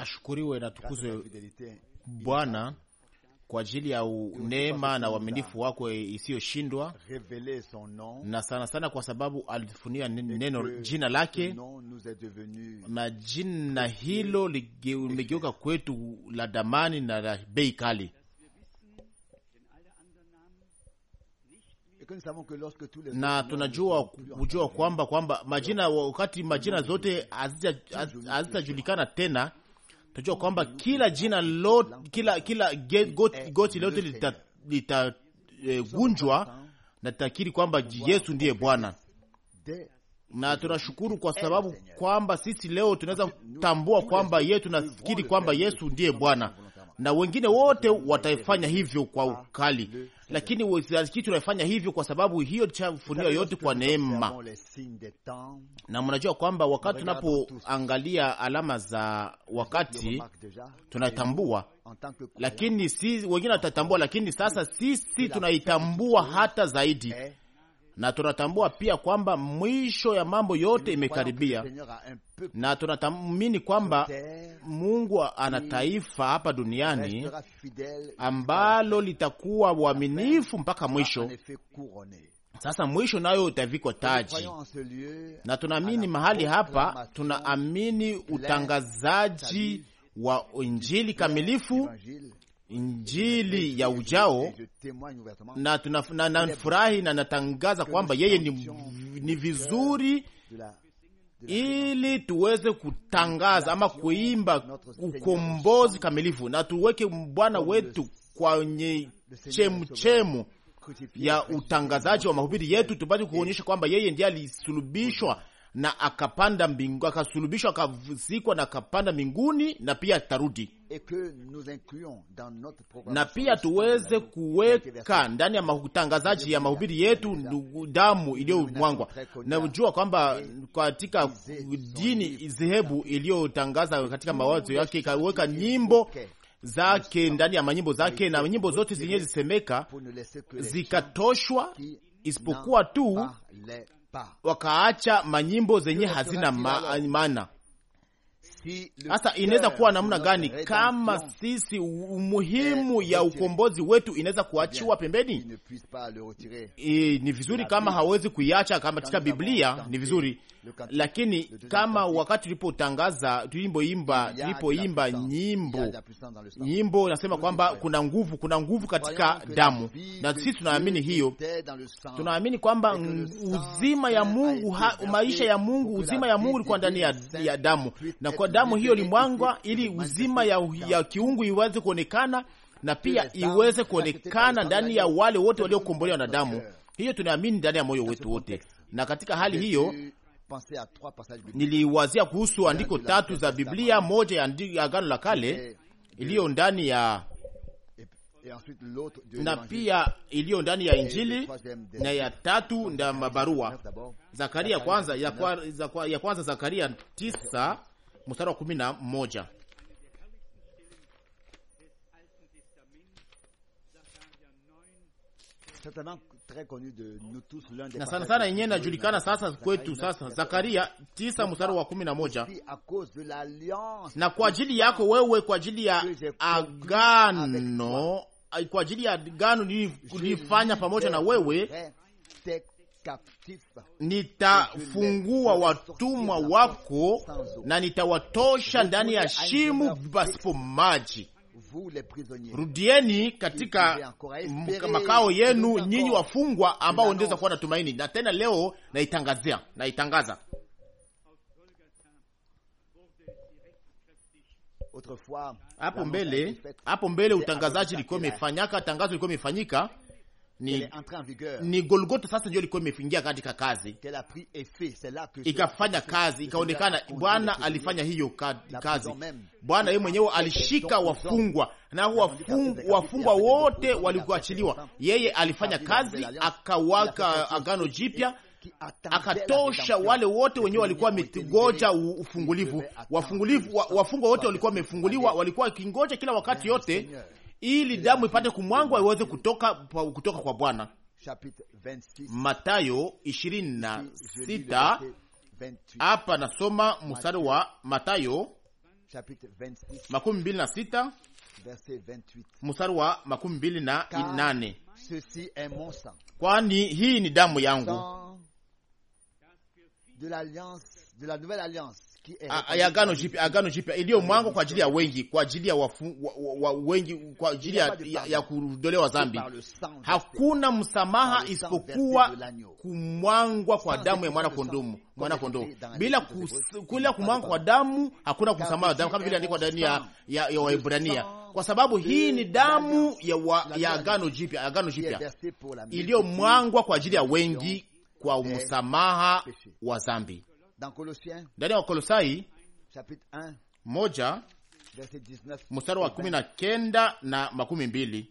Ashukuriwe na tukuzwe Bwana kwa ajili ya neema na uaminifu wako isiyoshindwa, na sana sana kwa sababu alifunia neno jina lake, na jina hilo limegeuka kwetu la damani na la bei kali. na tunajua kujua kwamba kwamba majina wakati majina zote hazitajulikana tena, tunajua kwamba kila jina lot, kila kila goti, lote litagunjwa lita, e, na tutakiri kwamba Yesu ndiye Bwana na tunashukuru kwa sababu kwamba sisi leo tunaweza kutambua kwamba yeye, tunafikiri kwamba Yesu ndiye Bwana, na wengine wote wataifanya hivyo kwa ah, ukali, lakini lakini tunafanya hivyo kwa sababu hiyo chafunio yote kwa neema, na mnajua kwamba wakati tunapoangalia alama za wakati tunatambua, lakini si wengine watatambua, lakini sasa sisi tunaitambua hata zaidi na tunatambua pia kwamba mwisho ya mambo yote imekaribia, na tunatamini kwamba Mungu ana taifa hapa duniani ambalo litakuwa uaminifu mpaka mwisho. Sasa mwisho nayo utavikwa taji, na tunaamini mahali hapa, tunaamini utangazaji wa injili kamilifu Injili ya ujao na tunafurahi na natangaza kwamba yeye ni, ni vizuri ili tuweze kutangaza ama kuimba ukombozi kamilifu na tuweke Bwana wetu kwenye chemuchemu ya utangazaji wa mahubiri yetu, tupate kuonyesha kwamba yeye ndiye alisulubishwa na akapanda mbingu, akasulubishwa, akazikwa na akapanda mbinguni, na pia atarudi. Na pia tuweze kuweka ndani ya matangazaji ya mahubiri yetu damu iliyomwangwa. Najua kwamba katika dini zehebu iliyotangaza katika mawazo yake ikaweka nyimbo zake ndani ya manyimbo zake, na nyimbo zote zenyewe zisemeka zikatoshwa isipokuwa tu wakaacha manyimbo zenye hazina maana. Sasa inaweza kuwa namna gani kama sisi eh, umuhimu eh, ya eh, ukombozi wetu inaweza kuachiwa pembeni? E, ni vizuri kama hawezi kuiacha katika Biblia, ni vizuri lakini kama wakati tulipotangaza tulipoimba tulipoimba nyimbo nyimbo, nasema kwamba kuna nguvu, kuna nguvu katika damu, na sisi tunaamini hiyo, tunaamini kwamba uzima ya Mungu ha, maisha ya Mungu, uzima ya Mungu ilikuwa ndani ya, ya damu, na kwa damu hiyo limwangwa ili uzima ya, ya kiungu iweze kuonekana na pia iweze kuonekana ndani ya wale wote waliokombolewa na damu hiyo. Tunaamini ndani ya moyo wetu wote, na katika hali hiyo niliwazia kuhusu andiko tatu za Biblia, moja ya Agano la Kale iliyo ndani ya na pia iliyo ndani ya Injili na ya tatu na mabarua Zakaria kwanza ya, kwa, ya kwanza Zakaria tisa mstari wa kumi na moja na sana sana yenyewe inajulikana sasa kwetu. Sasa Zakaria tisa mstari wa kumi na moja na kwa ajili yako wewe, kwa ajili ya agano, kwa ajili ya agano nilifanya pamoja na wewe, nitafungua watumwa wako na nitawatosha ndani ya shimo pasipo maji rudieni katika makao yenu, nyinyi wafungwa ambao ndiweza kuwa na tumaini. Na tena leo naitangazia, naitangaza hapo mbele, hapo mbele utangazaji likuwa imefanyaka, tangazo likuwa imefanyika ni, ni Golgota sasa ndio ilikuwa imeingia katika kazi, ikafanya kazi, ikaonekana. Bwana alifanya hiyo kazi. Bwana yeye mwenyewe alishika wafungwa na wafungwa, wafungwa wote walikuachiliwa. Yeye alifanya kazi, akawaka agano jipya akatosha wale wote wenyewe walikuwa wamegoja ufungulivu. Wafungulivu, wafungwa wote walikuwa wamefunguliwa, walikuwa wakingoja kila wakati yote ili damu ipate kumwangwa iweze kutoka, kutoka kwa Bwana. Matayo 26 hapa nasoma mstari wa Matayo makumi mbili na sita mstari wa makumi mbili na nane kwani hii ni damu yangu de l'alliance de la nouvelle alliance ya agano jipya, agano jipya iliyo mwango kwa ajili ya wengi, kwa ajili ya wafu, wa, wa, wengi kwa ajili ya, ya, ya kuondolewa dhambi. Hakuna msamaha isipokuwa kumwangwa kwa damu ya mwana kondomu mwana kondoo. Bila kula kumwangwa kwa damu hakuna kusamaha damu, kama vile andikwa ndani ya, ya, ya Waebrania kwa sababu hii ni damu ya, wa, ya agano jipya, agano jipya iliyomwangwa kwa ajili ya wengi kwa msamaha wa dhambi ndani ya Wakolosai moja mstari wa kumi na kenda na makumi mbili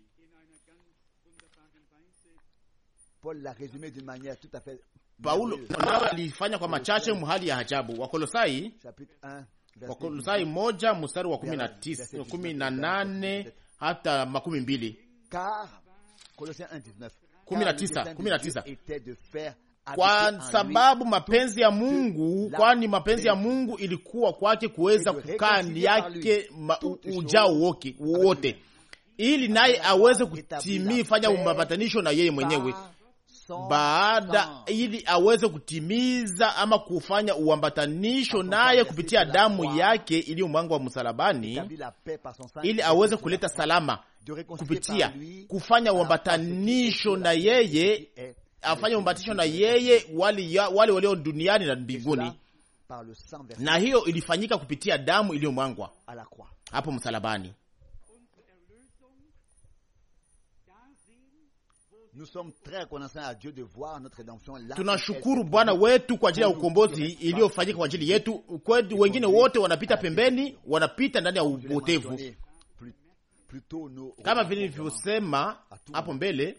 Paulo alifanya kwa machache mhali ya ajabu. Wakolosai Wakolosai moja mstari wa kumi na tisa, kumi na nane hata makumi mbili kumi na tisa, kumi na tisa kwa sababu mapenzi ya Mungu, kwani mapenzi ya Mungu ilikuwa kwake kuweza kukaa yake ujao wote, ili naye aweze kutimii fanya mapatanisho na yeye mwenyewe baada ili aweze kutimiza ama kufanya uambatanisho naye kupitia damu yake wa msalabani, ili aweze kuleta salama kupitia kufanya uambatanisho na yeye afanye ubatisho na yeye wale walio duniani na mbinguni, na hiyo ilifanyika kupitia damu iliyomwangwa hapo msalabani. Tunashukuru Bwana wetu kwa ajili ya ukombozi iliyofanyika kwa ajili yetu. Kwetu wengine wote wanapita pembeni, wanapita ndani ya upotevu, kama nilivyosema hapo mbele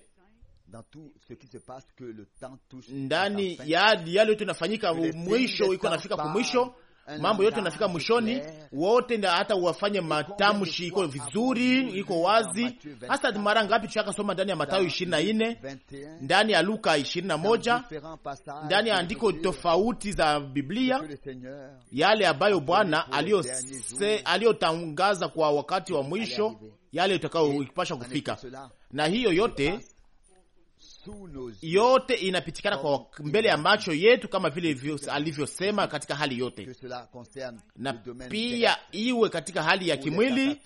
ndani ya yale yote inafanyika, mwisho iko nafika kumwisho mambo yote nafika mwishoni, wote ndio hata uwafanye matamshi iko vizuri, iko wazi. Hasa mara ngapi tushaka soma ndani ya Mathayo 24 ndani ya Luka 21 ndani ya andiko tofauti za Biblia, yale ambayo Bwana aliyotangaza kwa wakati wa mwisho, yale itakayopasha kufika, na hiyo yote yote inapitikana kwa mbele ya macho yetu, kama vile alivyosema katika hali yote, na pia iwe katika hali ya kimwili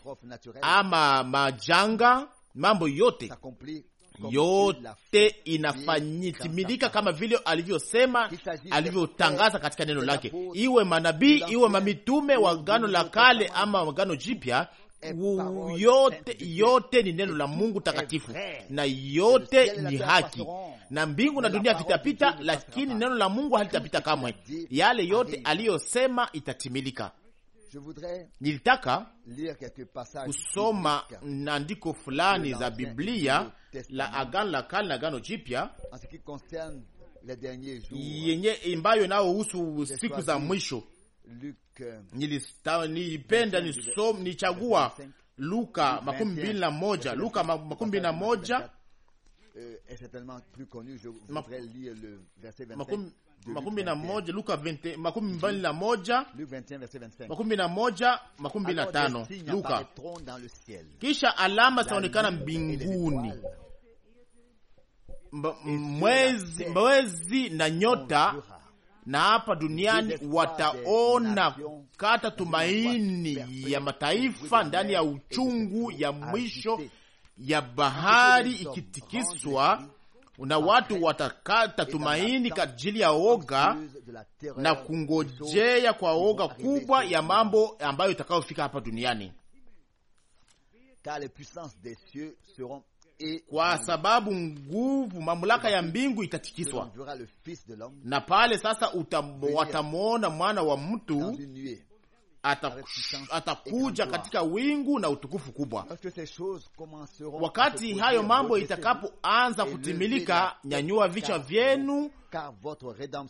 ama majanga, mambo yote yote inafanyitimilika kama vile alivyosema, alivyotangaza katika neno lake, iwe manabii, iwe mamitume wa gano la Kale ama Agano Jipya, Oh, yote yote ni neno la Mungu takatifu eh, na eh, yote eh, ni haki, na mbingu na dunia vitapita, lakini neno la Mungu halitapita kamwe. Yale yote aliyosema itatimilika. Nilitaka kusoma andiko fulani za Biblia la Agano la Kale na Agano Jipya yenye ambayo inayohusu siku za mwisho nilipenda nisom nichagua Luka eh, makumi mbili na moja Luka makumi mbili na moja makumi na moja Luka makumi mbili na moja makumi na moja makumi na tano Luka. Kisha alama zitaonekana mbinguni, mwezi na nyota na hapa duniani wataona kata tumaini ya mataifa ndani ya uchungu ya mwisho ya bahari ikitikiswa na watu watakata tumaini kwa ajili ya oga na kungojea kwa oga kubwa ya mambo ambayo itakayofika hapa duniani kwa sababu nguvu, mamlaka ya mbingu itatikiswa, na pale sasa watamwona mwana wa mtu atakuja katika wingu na utukufu kubwa. Wakati hayo mambo itakapoanza kutimilika, nyanyua vichwa vyenu,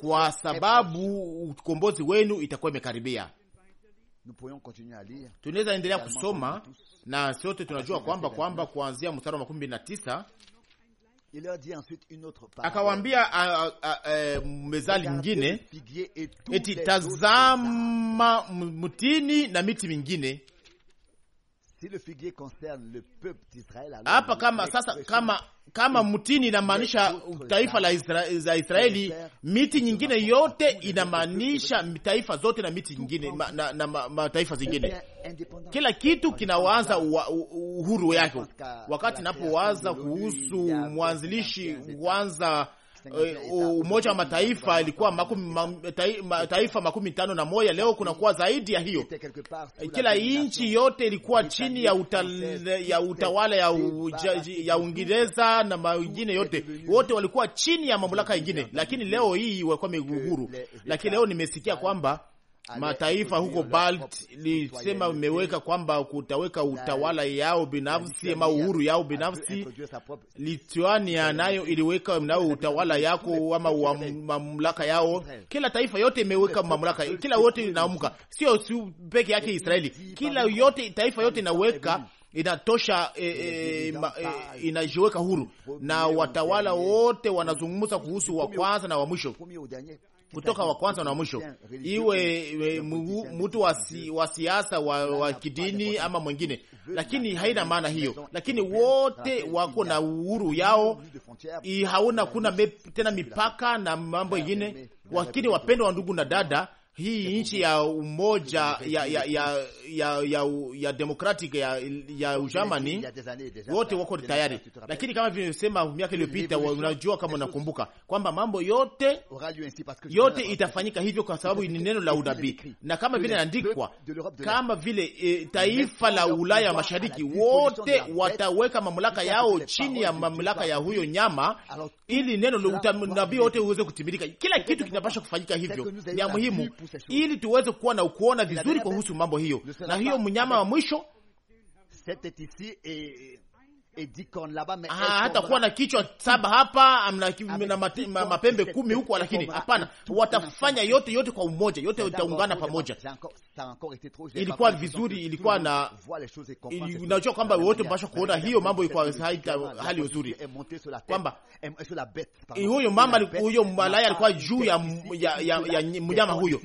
kwa sababu ukombozi wenu itakuwa imekaribia tunaweza endelea kusoma na sote tunajua kwamba kwamba kuanzia mstari wa makumi na tisa akawaambia e, mezali nyingine eti tazama mtini na miti mingine hapa kama sasa, kama kama mtini inamaanisha taifa la Israeli, Israeli, miti nyingine yote inamaanisha taifa zote na miti nyingine na, na, na mataifa ma zingine. Kila kitu kinawaza uhuru yake. Wakati napowaza kuhusu mwanzilishi kwanza Umoja wa Mataifa ilikuwa makumi, mataifa makumi tano na moja, leo kunakuwa zaidi ya hiyo. Kila nchi yote ilikuwa chini ya, utale, ya utawala ya, uja, ya Uingereza na mengine yote, wote walikuwa chini ya mamlaka ingine, lakini leo hii walikuwa miguguru. Lakini leo nimesikia kwamba mataifa huko Balt lisema imeweka kwamba kutaweka utawala yao binafsi ama uhuru yao binafsi. Lituania nayo iliweka nayo utawala yako ama mamlaka yao. Kila taifa yote imeweka mamlaka, kila yote inaamka, sio peke yake Israeli, kila yote taifa yote inaweka inatosha e, e, ma, e, inajiweka huru na watawala wote wanazungumza kuhusu wa kwanza na wa mwisho kutoka wa kwanza na mwisho, iwe mtu wa siasa wa, wa kidini ama mwingine, lakini haina maana hiyo. Lakini wote wako na uhuru yao, hauna kuna tena mipaka na mambo ingine. Lakini wapendwa wa ndugu na dada hii nchi ya umoja ya ya ya ya, ya, ya demokratic ya, ya Ujamani wote wako tayari, lakini kama vile nimesema miaka iliyopita, unajua kama unakumbuka kwamba mambo yote yote itafanyika hivyo kwa sababu ni neno la unabii, na kama vile inaandikwa, kama vile e, taifa la Ulaya wa Mashariki wote wataweka mamlaka yao chini ya mamlaka ya huyo nyama, ili neno la unabii wote uweze kutimilika. Kila kitu kinapasha kufanyika hivyo, ni muhimu ili tuweze kuwa na kuona vizuri kuhusu mambo hiyo. Na hiyo mnyama wa mwisho hatakuwa na kichwa saba hapa amna, na mapembe kumi huko, lakini hapana, watafanya yote yote kwa umoja, yote itaungana pamoja. Ilikuwa vizuri, ilikuwa na unajua kwamba wote mpasha kuona hiyo mambo ilikuwa haita hali nzuri, kwamba huyo mama, huyo malaya alikuwa juu ya ya mnyama huyo,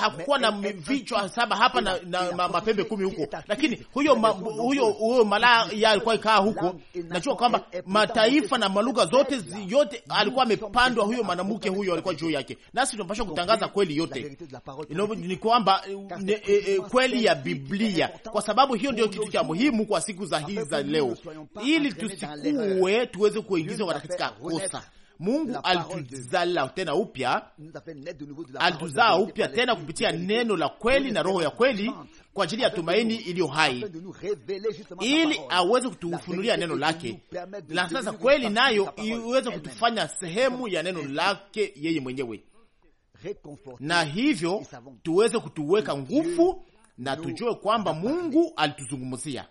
hakukuwa na vichwa saba hapa na mapembe kumi huko, lakini huyo huyo huyo malaya alikuwa alikaa huko, najua kwamba mataifa na malugha zote yote alikuwa amepandwa huyo mwanamke huyo alikuwa juu yake, nasi tunapaswa kutangaza kweli yote, ni kwamba e- e- kweli ya Biblia, kwa sababu hiyo ndio kitu cha muhimu kwa siku za hizi za leo, ili tusikuwe tuweze kuingizwa katika kosa Mungu alituzala tena upya, alituzaa upya tena kupitia neno la kweli na roho ya kweli kwa ajili ya tumaini iliyo hai, ili aweze kutufunulia neno lake na sasa kweli nayo iweze kutufanya sehemu ya neno lake yeye mwenyewe, na hivyo tuweze kutuweka nguvu na tujue kwamba Mungu alituzungumzia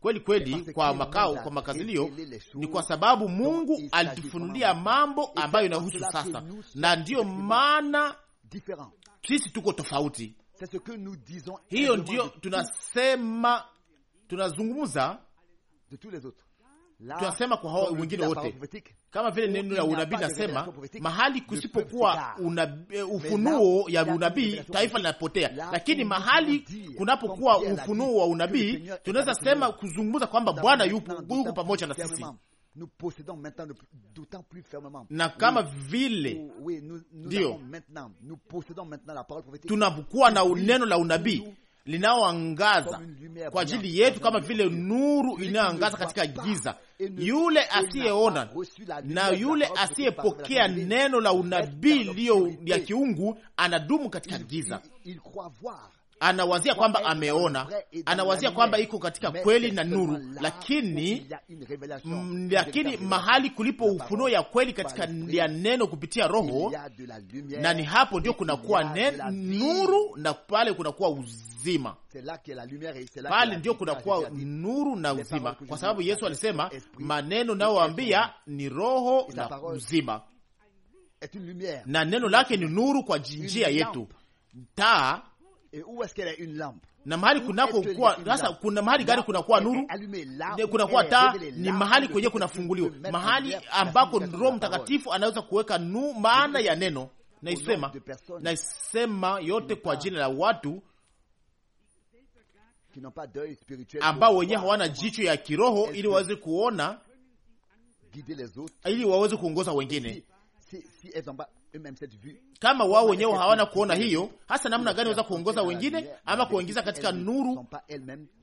kweli kweli kwa makao kwa makazilio, ni kwa sababu Mungu alitufunulia mambo ambayo inahusu sasa, na ndiyo maana sisi tuko tofauti. Hiyo ndiyo tunasema, tunazungumza tunasema kwa hao wengine wote, kama vile neno ya unabii nasema, mahali kusipokuwa ufunuo ya unabii taifa linapotea, lakini mahali kunapokuwa ufunuo wa unabii tunaweza sema kuzungumza kwamba Bwana yuko pamoja na sisi na kama vile ndio tunakuwa na neno la unabii linaoangaza kwa ajili yetu kama vile nuru inayoangaza katika giza. Yule asiyeona na yule asiyepokea neno la unabii liyo ya kiungu anadumu katika giza, anawazia kwamba ameona, anawazia kwamba iko katika kweli na nuru, lakini lakini mahali kulipo ufunuo ya kweli katika ya neno kupitia Roho, na ni hapo ndio kunakuwa nuru na pale kunakuwa uzima, pale ndio kunakuwa nuru na uzima, kwa sababu Yesu alisema maneno nayowaambia ni roho na uzima, na neno lake ni nuru kwa njia yetu taa na mahali kunako kuwa sasa, kuna mahali gari kunakuwa nuru, kunakuwa taa, ni mahali kwenye kunafunguliwa, mahali ambako Roho Mtakatifu anaweza kuweka nu maana ya neno. Naisema, naisema yote kwa jina la watu ambao wenyewe hawana jicho ya kiroho, ili waweze kuona, ili waweze kuongoza wengine kama wao wenyewe hawana kuona hiyo hasa namna gani waweza kuongoza wengine ama kuingiza katika nuru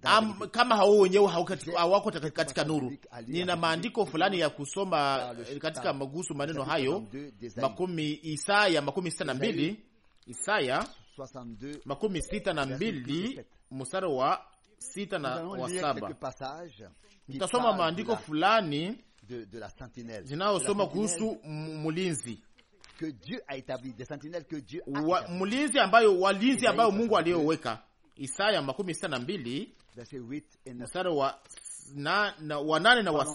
am, kama hao wenyewe hawako katika nuru. Nina maandiko fulani ya kusoma eh, katika magusu maneno hayo makumi, Isaya makumi sita na mbili Isaya makumi sita na mbili mstari wa sita na wa saba. Nitasoma maandiko fulani de, de la sentinelle zinayosoma kuhusu mulinzi. que Dieu a établi des sentinelles que Dieu a wa, ambayo walinzi ambayo Mungu aliyoweka. Isaya makumi sita na mbili mstari wa na, na, wa nane na wa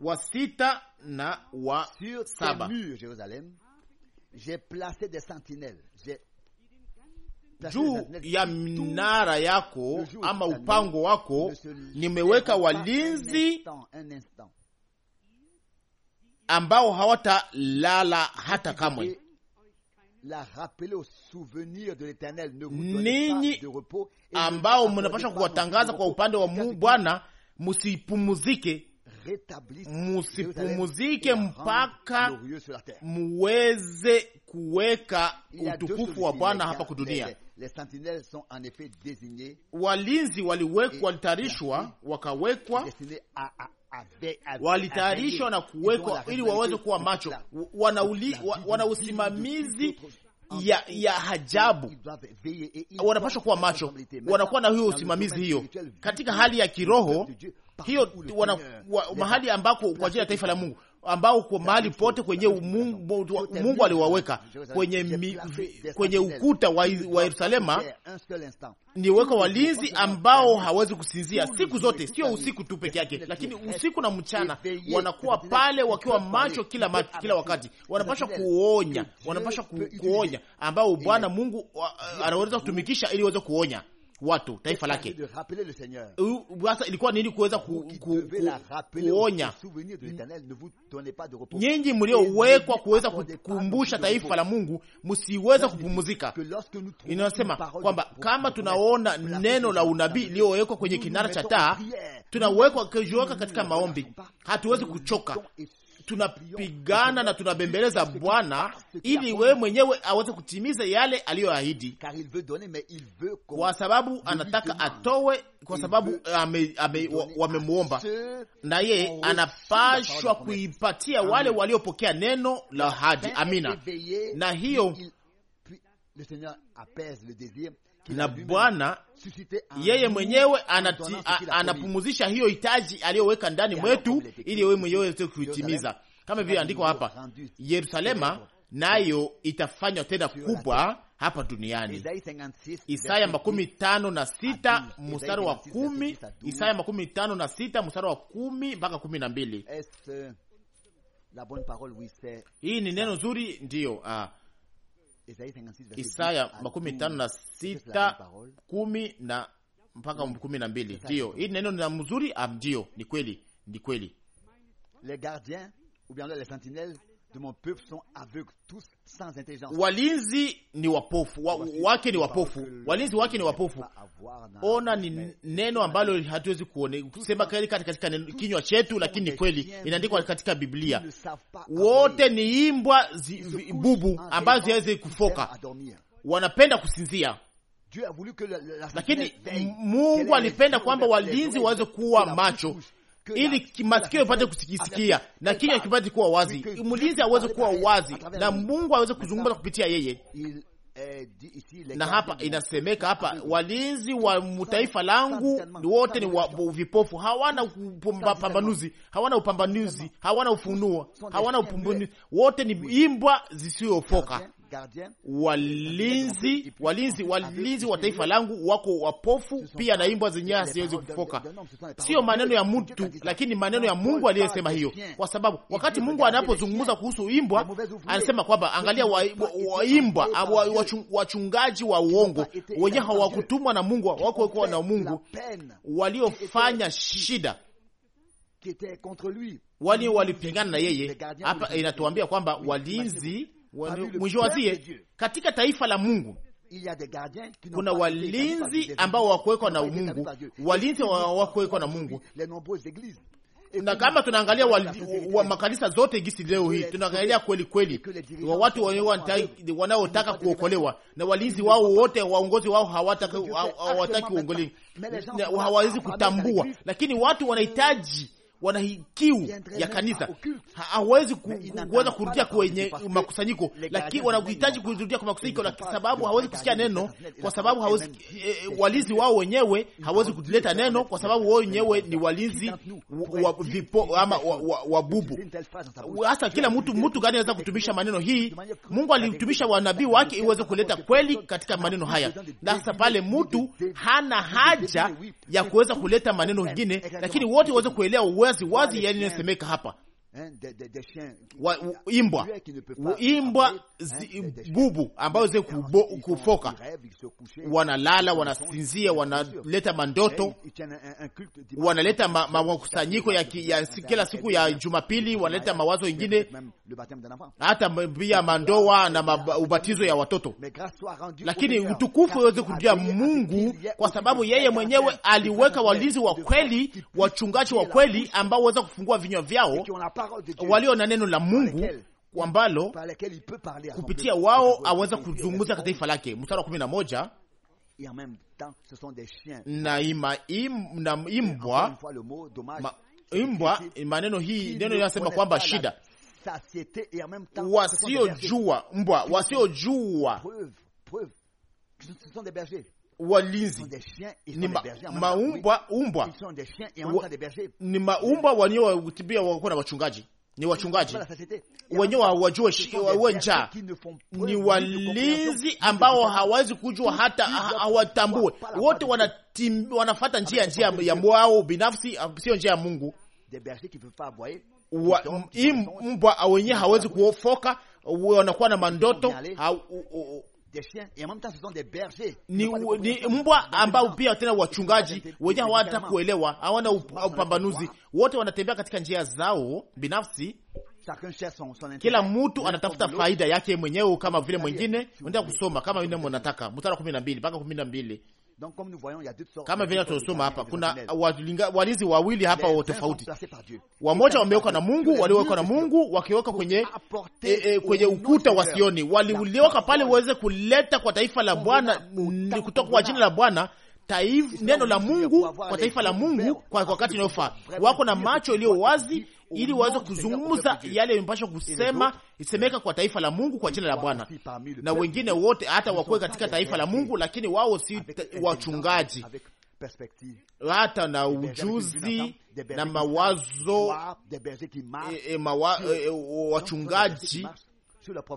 wa sita na wa saba. Sur ces murs, Jérusalem, j'ai placé des sentinelles. J'ai juu ya minara yako ama upango wako nimeweka walinzi ambao hawatalala hata kamwe. Ninyi ambao mnapasha kuwatangaza kwa upande wa Bwana, musipumuzike, musipumuzike mpaka muweze kuweka utukufu wa Bwana hapa kudunia sont en effet désignées, walinzi waliwekwa, walitayarishwa, wakawekwa, walitayarishwa na kuwekwa ili waweze kuwa macho, wana usimamizi ya ya hajabu, wanapashwa kuwa macho, wanakuwa na huyo usimamizi hiyo katika hali ya kiroho hiyo, wana, wa, mahali ambako kwa ajili ya taifa la Mungu ambao kwa mahali pote kwenye Mungu, Mungu aliwaweka kwenye, kwenye ukuta wa Yerusalema ni weka walinzi ambao hawezi kusinzia siku zote, sio usiku tu peke yake, lakini usiku na mchana wanakuwa pale wakiwa macho kila, ma, kila wakati wanapasha kuonya, wanapasha ku, kuonya ambao Bwana Mungu anaweza kutumikisha ili weze kuonya watu taifa lake. Sasa ilikuwa nini kuweza kuonya nyinyi mliowekwa kuweza kukumbusha taifa la Mungu msiweze kupumuzika. Inasema kwamba kama tunaona neno la unabii iliyowekwa kwenye kinara cha taa tunawekwa kujiweka katika maombi, hatuwezi kuchoka tunapigana na tunabembeleza Bwana ili wewe mwenyewe aweze kutimiza yale aliyoahidi, kwa sababu anataka atowe, kwa sababu wamemwomba, na ye anapashwa kuipatia wale waliopokea neno la ahadi. Amina, na hiyo na Bwana yeye mwenyewe anapumuzisha hiyo hitaji aliyoweka ndani mwetu ili wewe mwenyewe uweze kuitimiza, kama vile andiko hapa, Yerusalema nayo itafanywa tena kubwa hapa duniani. Isaya makumi tano na sita mstari wa kumi Isaya makumi tano na sita mstari wa kumi mpaka kumi na mbili Hii ni neno zuri, ndiyo ah. Isaya makumi tano na sita kumi na mpaka kumi na mbili Ndiyo, hii neno na mzuri. Ah, Ndiyo, ni kweli, ni kweli walinzi ni wapofu wa, wake ni wapofu, walinzi wake ni wapofu. Ona, ni neno ambalo hatuwezi kusema katika kinywa chetu, lakini ni kweli, inaandikwa katika Biblia, wote ni imbwa zi, bubu ambazo ziweze kufoka, wanapenda kusinzia lakini Mungu alipenda kwamba walinzi waweze kuwa macho ili masikio yapate kusikisikia na kinywa kipate kuwa wazi, mlinzi aweze kuwa wazi na Mungu aweze kuzungumza kupitia yeye. Na hapa inasemeka hapa, walinzi wa mtaifa langu wote ni wa vipofu, hawana upambanuzi, hawana upambanuzi, hawana ufunuo, hawana upambanuzi, wote ni imbwa zisiyofoka walinzi walinzi walinzi wa taifa langu wako wapofu pia na imbwa zenyewe haziwezi kufoka. Sio maneno ya mtu, lakini maneno ya Mungu aliyesema hiyo, kwa sababu wakati Mungu anapozungumza kuhusu imbwa anasema kwamba angalia, waimbwa wa, wa, wa, wachungaji wa uongo wenyewe hawakutumwa na Mungu, wako na Mungu, waliofanya shida wali walipingana na yeye. Hapa inatuambia kwamba walinzi mwijowazie katika taifa la Mungu kuna walinzi ambao wakuwekwa na Mungu, walinzi wakuwekwa na Mungu. Na kama tunaangalia wa makanisa zote gisi leo hii, tunaangalia kweli kweli wa watu wanaotaka kuokolewa na walinzi wao wote, waongozi wao hawataki kuongolewa, hawawezi kutambua, lakini watu wanahitaji wana kiu ya kanisa, hawezi kuweza kurudia kwenye makusanyiko, lakini wanahitaji kurudia kwa makusanyiko, kwa sababu hawezi kusikia neno, kwa sababu hawezi walinzi wao wenyewe hawezi kuleta neno, kwa sababu wao wenyewe ni walinzi wa vipo ama wabubu. Hasa kila mtu mtu gani anaweza kutumisha maneno hii? Mungu alitumisha wanabii wake iweze kuleta kweli katika maneno haya, na sasa pale mtu hana haja ya kuweza kuleta maneno mengine, lakini wote waweze kuelewa wazi wazi yaliyosemeka hapa imbwa imbwa bubu ambayo ze kufoka, wanalala, wanasinzia, wanaleta mandoto, wanaleta makusanyiko ya kila siku ya Jumapili, wanaleta mawazo ingine, hata pia mandoa na ubatizo ya watoto. Lakini utukufu uweze kurudia Mungu, kwa sababu yeye mwenyewe aliweka walinzi wa kweli, wachungaji wa kweli ambao waweza kufungua vinywa vyao walio na neno la Mungu ambalo kupitia wao aweza kuzungumza katika taifa lake. Mstari wa kumi na moja na ima, im, na imbwa imbwa maneno hii neno inasema kwamba shida wasiojua mbwa wasiojua walinzi ni maumbwa umbwa ni maumbwa wanaotibia wako na wachungaji ni wachungaji wenye wajue njaa, ni walinzi ambao hawawezi kujua hata hawatambue. Wote wanafata njia njia ya mwao binafsi, ah, sio njia ya Mungu. Mbwa wenyewe hawezi kuofoka, wanakuwa na mandoto ni, ni mbwa ambao pia tena wachungaji wenyewe hawata kuelewa, hawana upambanuzi, wote wanatembea katika njia zao binafsi. Kila mtu anatafuta faida yake mwenyewe kama vile mwingine. Unataka kusoma kama vile mnataka, mstari wa 12 mpaka kama vile tunasoma hapa, kuna walinzi wawili hapa wa tofauti, wamoja wamewekwa na Mungu, waliowekwa na Mungu wakiweka kwenye e, e, kwenye ukuta wa Sioni, waliuliweka pale waweze kuleta kwa taifa la Bwana, kutoka kwa jina la Bwana taifa neno la Mungu kwa taifa la Mungu kwa wakati unaofaa. Wako na macho iliyo wazi, ili waweze kuzungumza yale mpasha kusema isemeka kwa taifa la Mungu kwa jina la Bwana, na wengine wote hata wakuwe katika taifa la Mungu, lakini wao si wachungaji hata na ujuzi na mawazo e, e, mawa, e, e wachungaji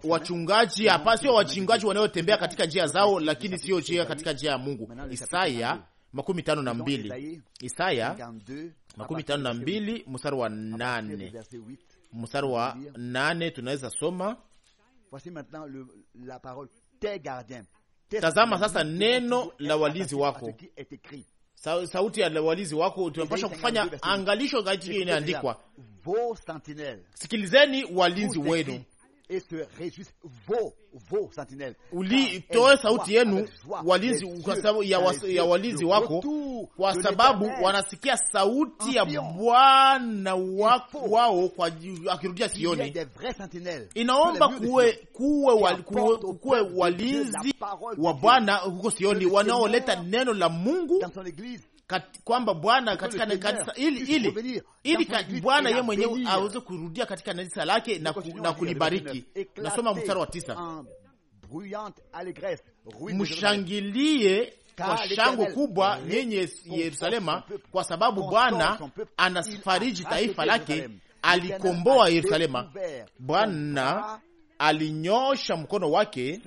wachungaji hapa sio wachungaji wanayotembea katika njia zao, lakini sio njia katika njia ya Mungu. Isaya makumi tano na mbili Isaya makumi tano na mbili mstari wa nane mstari wa nane tunaweza soma. Tazama sasa neno la walinzi wako, sauti ya walinzi wako. Tunapasha kufanya angalisho katika inaandikwa, sikilizeni walinzi wenu ulitoe sauti yenu walinzi ya walinzi wako kwa sababu wanasikia sauti ya Bwana wao kwa akirudia Sioni. Inaomba kuwe kuwe kuwe walinzi wa Bwana huko Sioni wanaoleta neno la Mungu kwamba Bwana katika kanisa ili ili ili Bwana yeye mwenyewe aweze kurudia katika kanisa lake na, na kulibariki. Nasoma mstari wa tisa: mshangilie kwa shangwe kubwa nyinyi Yerusalema, kwa sababu Bwana anafariji taifa lake. Alikomboa Yerusalema. Bwana alinyosha mkono wake,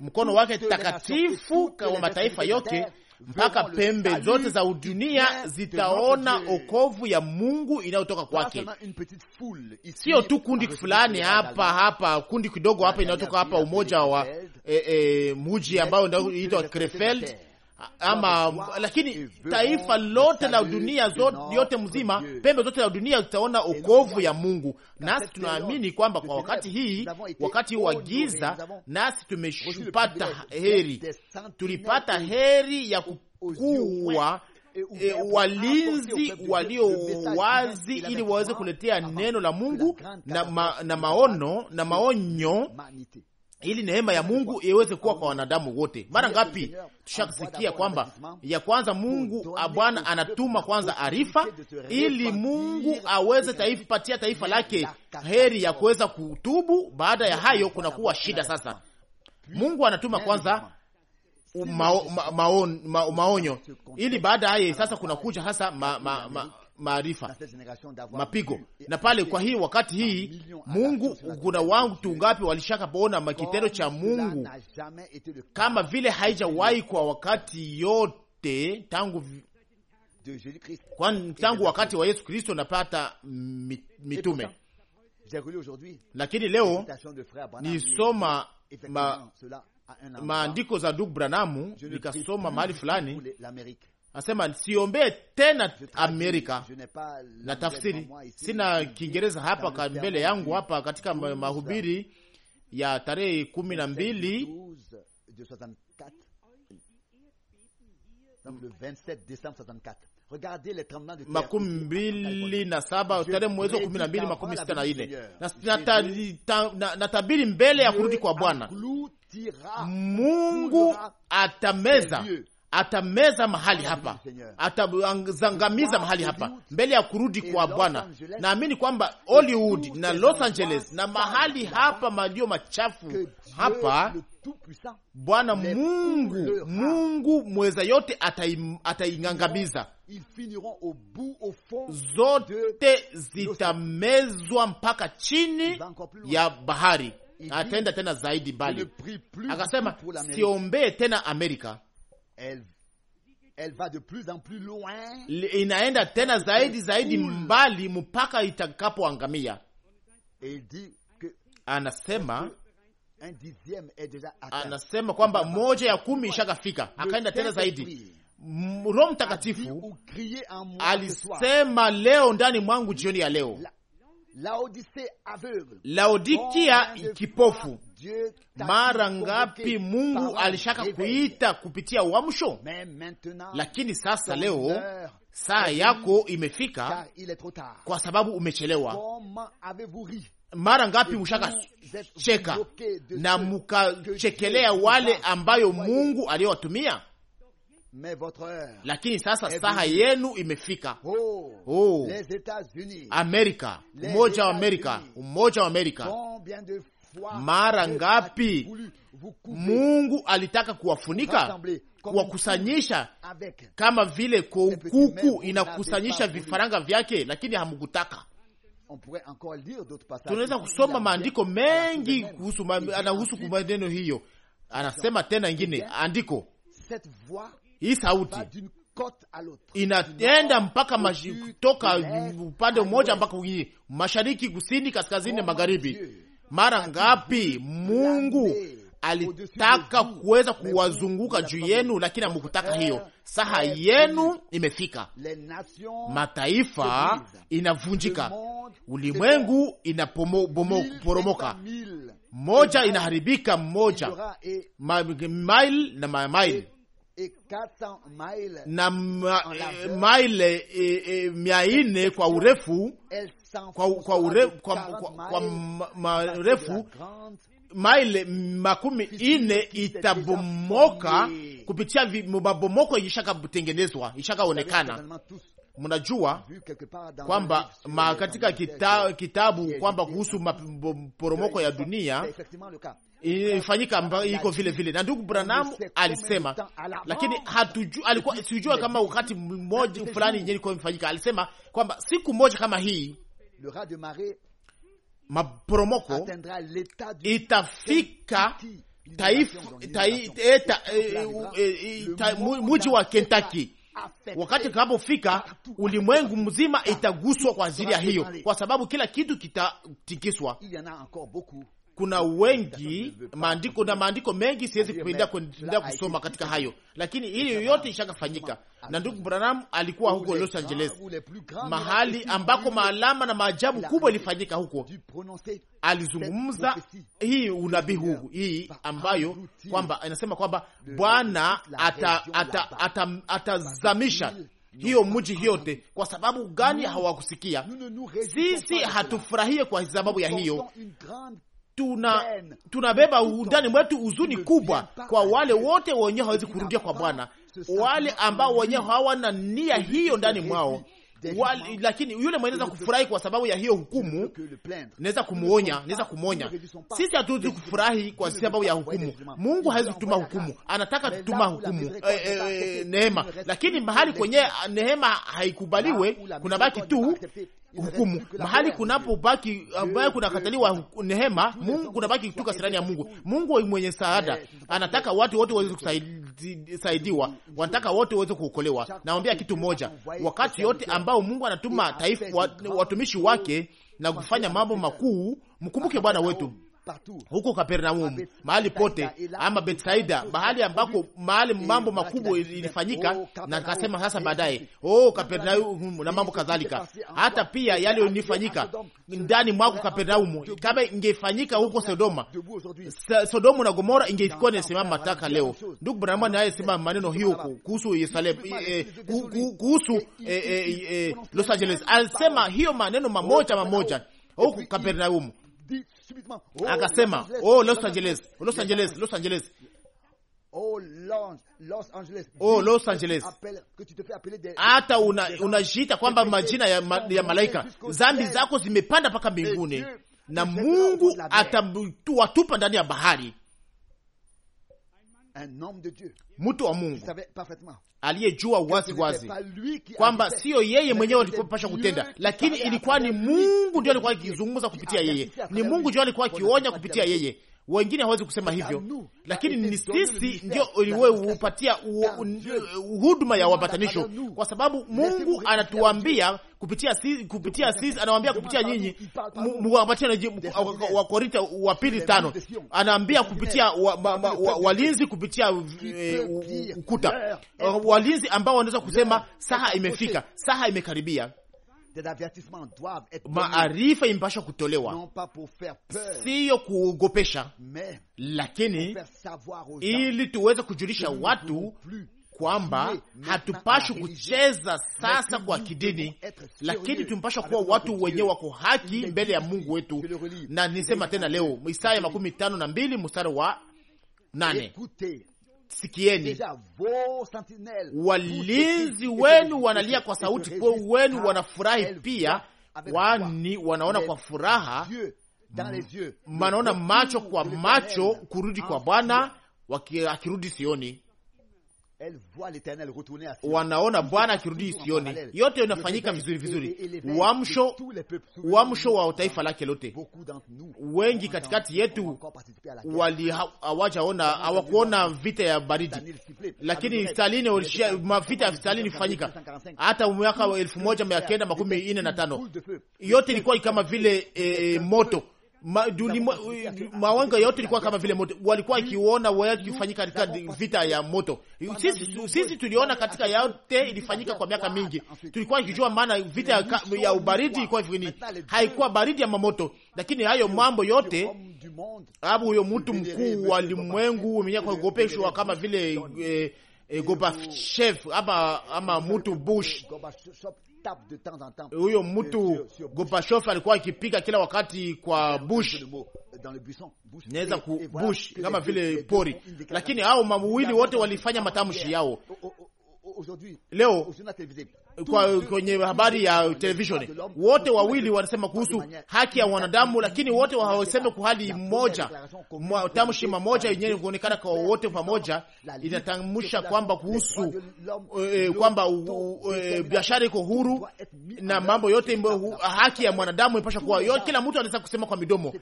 mkono wake takatifu kwa mataifa yote mpaka pembe zote za udunia zitaona okovu ya Mungu inayotoka kwake, sio tu kundi fulani hapa hapa, kundi kidogo hapa inayotoka hapa, umoja wa e, e, muji ambayo inaitwa Krefeld ama, lakini taifa lote la dunia zote, yote mzima, pembe zote la dunia zitaona okovu ya Mungu. Nasi tunaamini kwamba kwa wakati hii, wakati oh, wa giza, nasi tumepata heri, tulipata heri ya kukuwa E, walinzi walio wazi ili waweze kuletea neno la Mungu na, ma, na maono na maonyo ili neema ya Mungu iweze kuwa kwa wanadamu wote. Mara ngapi tushasikia kwamba ya kwanza Mungu ah, Bwana anatuma kwanza arifa, ili Mungu aweze taipatia taifa lake heri ya kuweza kutubu. Baada ya hayo kunakuwa shida. Sasa Mungu anatuma kwanza mao, ma, ma, ma, maonyo, ili baada ya haye sasa kunakuja hasa ma, ma, ma, maarifa, mapigo na pale. Kwa hii wakati hii Mungu, kuna watu ngapi walishaka bona makitendo cha Mungu kama vile haijawahi kwa wakati yote tangu kwa tangu wakati wa Yesu Kristo napata mitume, lakini leo nisoma maandiko za ndugu Branamu, nikasoma mahali fulani asema siombee tena Amerika na tafsiri. Sina Kiingereza hapa mbele yangu hapa katika mahubiri ya tarehe kumi na mbili makumi mbili na saba tarehe mwezi wa kumi na mbili makumi sita na nne na tabiri mbele ya kurudi kwa Bwana Mungu atameza atameza mahali hapa, atazangamiza mahali hapa mbele ya kurudi kwa Bwana. Naamini kwamba Hollywood na Los Angeles na mahali hapa malio machafu hapa, Bwana Mungu Mungu mweza yote ataingangamiza, zote zitamezwa mpaka chini ya bahari. Ataenda tena zaidi mbali, akasema siombee tena Amerika elle, elle va de plus en plus loin, inaenda tena zaidi zaidi mbali mpaka itakapoangamia. Anasema anasema kwamba moja ya kumi ishakafika, akaenda tena zaidi. Roho Mtakatifu alisema leo ndani mwangu, jioni ya leo, Laodikia kipofu mara ngapi Mungu alishaka kuita kupitia uamsho, lakini sasa leo saa yako imefika, kwa sababu umechelewa. Mara ngapi mushaka cheka na mukachekelea wale ambayo Mungu aliyowatumia, lakini sasa saha yenu imefika. Oh, oh. Amerika, umoja wa Amerika, umoja wa Amerika mara ngapi Mungu alitaka kuwafunika kuwakusanyisha, kama vile kuku inakusanyisha vifaranga vyake, lakini hamukutaka. Tunaweza kusoma maandiko mengi kuhusu anahusu maneno hiyo. Anasema tena ingine eh andiko, hii sauti inaenda mpaka toka upande mmoja mpaka mwingine, mashariki, kusini, kaskazini, oh magharibi mara ngapi Mungu alitaka kuweza kuwazunguka juu yenu, lakini amukutaka hiyo. Saha yenu imefika, mataifa inavunjika, ulimwengu inaporomoka, moja inaharibika, moja maili na mamaili na maile eh, eh, eh, mia ine kwa urefu kwa, kwa, ure, kwa, kwa, kwa marefu maile makumi ine itabomoka kupitia mabomoko ishakatengenezwa ishakaonekana. Mnajua kwamba katika kita, kitabu kwamba kuhusu maporomoko ya dunia ilifanyika iko vile vile, na ndugu Branham alisema, lakini hatujui, alikuwa sijua kama wakati mmoja fulani yenyewe ilikuwa imefanyika. Alisema kwamba siku moja kama hii maporomoko itafika taifa muji wa Kentucky wakati kapofika ulimwengu mzima itaguswa kwa ajili ya hiyo, kwa sababu kila kitu kitatikiswa kuna wengi maandiko na maandiko mengi, siwezi kuendelea kusoma katika hayo, lakini hili yote ishakafanyika. Na ndugu Branham alikuwa huko Los Angeles, mahali ambako maalama na maajabu kubwa ilifanyika huko. Alizungumza hii unabii huu hii ambayo kwamba inasema kwamba Bwana atazamisha ata, ata, ata hiyo mji yote. Kwa sababu gani hawakusikia? Sisi hatufurahie kwa sababu ya hiyo, tuna tunabeba ndani mwetu huzuni kubwa kwa wale wote wenyewe hawezi kurudia kwa Bwana, wale ambao wenyewe hawana nia hiyo ndani mwao lakini yule mwenye naweza kufurahi kwa sababu ya hiyo hukumu, naweza kumuonya, naweza kumonya. Sisi hatuwezi kufurahi kwa sababu ya hukumu. Mungu hawezi kutuma hukumu, anataka tutuma hukumu e, e, neema. Lakini mahali kwenye neema haikubaliwe kuna baki tu hukumu. Mahali kunapobaki ambayo kunakataliwa nehema Mungu kunabaki kutoka sirani ya Mungu. Mungu mwenye saada eh, anataka watu wote waweze kusaidiwa, wanataka wote waweze kuokolewa. Naambia kitu moja, wakati yote ambao Mungu anatuma taifa watumishi wake na kufanya mambo makuu, mkumbuke Bwana wetu huko Kapernaum, mahali pote ama Betsaida, mahali ambako mahali mambo makubwa ilifanyika, oh, na nikasema sasa baadaye, oh Kapernaum na mambo kadhalika, hata pia yale yaliyofanyika ndani mwako Kapernaum, kama ingefanyika huko Sodoma, Sodoma na Gomora ingekuwa inasimama taka leo. Ndugu Branham naye sema maneno hiyo kuhusu Yerusalemu, kuhusu Los Angeles, alisema hiyo maneno oh, mamoja mamoja huko Kapernaumu Oh, akasema oh, Los Angeles, Los Angeles, Los Angeles Oh, Los Angeles. Oh, Hata unajiita una kwamba majina ya, ma, ya malaika, zambi zako zimepanda mpaka mbinguni na Mungu atawatupa ndani ya bahari mtu wa Mungu aliyejua wazi wazi kwamba siyo yeye mwenyewe alipasha kutenda, lakini ilikuwa ni Mungu ndio alikuwa akizungumza kupitia ah, yeye, ni Mungu ndio alikuwa akionya kupitia yeye, wengine hawezi kusema hivyo, lakini ni sisi ndio uliweupatia huduma ya wapatanisho kwa sababu Mungu anatuambia kupitia sisi, kupitia sisi anawaambia kupitia nyinyi. Wakorintho wa pili tano anaambia kupitia walinzi, kupitia ukuta, walinzi ambao wanaweza kusema saha imefika, saha imekaribia maarifa imepasha kutolewa, siyo kuogopesha, lakini ili tuweze kujulisha watu kwamba hatupashi kucheza sasa kwa kidini, lakini tumepasha kuwa watu wenye wako haki mbele ya Mungu wetu. Na nisema tena leo Isaya makumi tano na mbili mstari wa nane sikieni, walinzi wenu wanalia kwa sauti, po wenu wanafurahi pia, kwani wanaona kwa furaha, manaona macho kwa macho kurudi kwa Bwana akirudi Sioni wanaona Bwana akirudi Sioni, yote inafanyika vizuri vizuri. Uamsho, uamsho wa taifa lake lote. Wengi katikati yetu wali hawajaona, hawakuona vita ya baridi, lakini Stalin, vita ya stalini ifanyika hata mwaka elfu moja mia kenda makumi ine na tano. Yote ilikuwa kama vile eh, moto mawango yote ilikuwa kama vile moto, walikuwa ikiona wakifanyika katika vita ya moto. Sisi, sisi tuliona katika yote ilifanyika kwa miaka mingi, tulikuwa ikijua maana vita ya, ya ubaridi ilikuwa hivi, haikuwa baridi ya mamoto, lakini hayo mambo yote abu huyo mtu mkuu wa limwengu mwenyewe kuogopeshwa kama vile eh, E, Gorbachev ama ama mtu Bush huyo mtu Gorbachev alikuwa akipika kila wakati kwa Bush, euh, naweza ku Bush kama vile pori, lakini hao mawili wote walifanya matamshi yao leo kwa kwenye habari ya televisheni, wote wawili wanasema kuhusu haki ya wanadamu, lakini wote hawaseme kwa hali moja, tamshi moja yenyewe kuonekana kwa wote pamoja. Inatamsha kwamba kuhusu e, kwamba eh, biashara iko huru na mambo yote mbo, haki ya mwanadamu ipasha kuwa yote, kila mtu anaweza kusema kwa midomo.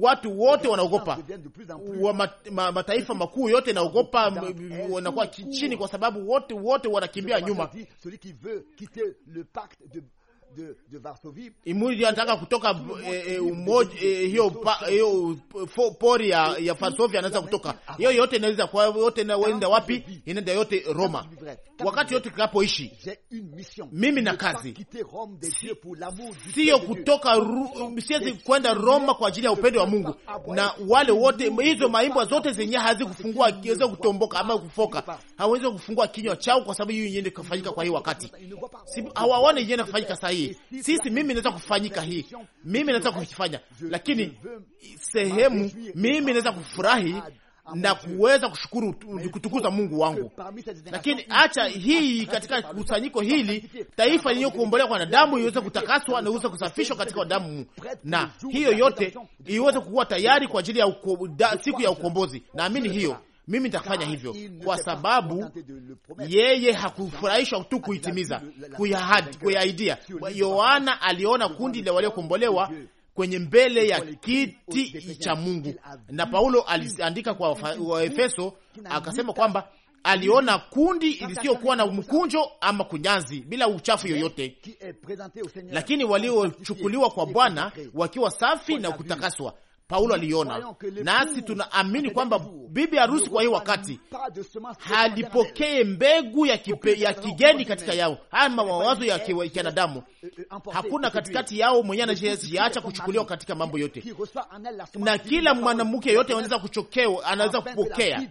Watu wote wanaogopa wa mat, ma, mataifa makuu yote naogopa wanakuwa chini, kwa sababu wote wote wanakimbia nyuma quitter le pacte de E Muri anataka kutoka eh, eh, umoja eh, hiyo hiyo pori ya, ya Varsovia anaweza kutoka hiyo yote, inaweza kwa yote inaenda wapi? Inaenda yote Roma. Wakati yote tunapoishi, mimi na kazi sio kutoka, siwezi kwenda Roma kwa ajili ya upendo wa Mungu na wale wote. Hizo maimbo zote zenye hazi kufungua kutomboka ama kufoka, hawezi kufungua kinywa chao kwa sababu hiyo yenyewe kufanyika kwa hii wakati, hawaone yenyewe kufanyika sahihi hii, sisi mimi naweza kufanyika hii, mimi naweza kukifanya, lakini sehemu mimi naweza kufurahi na kuweza kushukuru kutukuza Mungu wangu. Lakini acha hii katika kusanyiko hili, taifa lenye kuombolewa kwa wanadamu iweze kutakaswa na iweze kusafishwa katika damu, na hiyo yote iweze kuwa tayari kwa ajili ya siku ya ukombozi. Naamini hiyo mimi nitafanya hivyo kwa sababu yeye hakufurahishwa tu kuitimiza, kuyaidia. Yohana aliona kundi la waliokombolewa kwenye mbele ya kiti cha Mungu, na Paulo aliandika kwa Waefeso akasema kwamba aliona kundi lisiyokuwa na mkunjo ama kunyanzi bila uchafu yoyote, lakini waliochukuliwa kwa Bwana wakiwa safi na kutakaswa Paulo aliona, nasi tunaamini kwamba bibi harusi kwa hii wakati halipokee mbegu ya, kipe, ya kigeni katika yao haya mawazo ya kianadamu. Hakuna katikati yao mwenyewe anajiacha kuchukuliwa katika mambo yote, na kila mwanamke yote anaweza kuchokewa, anaweza kupokea,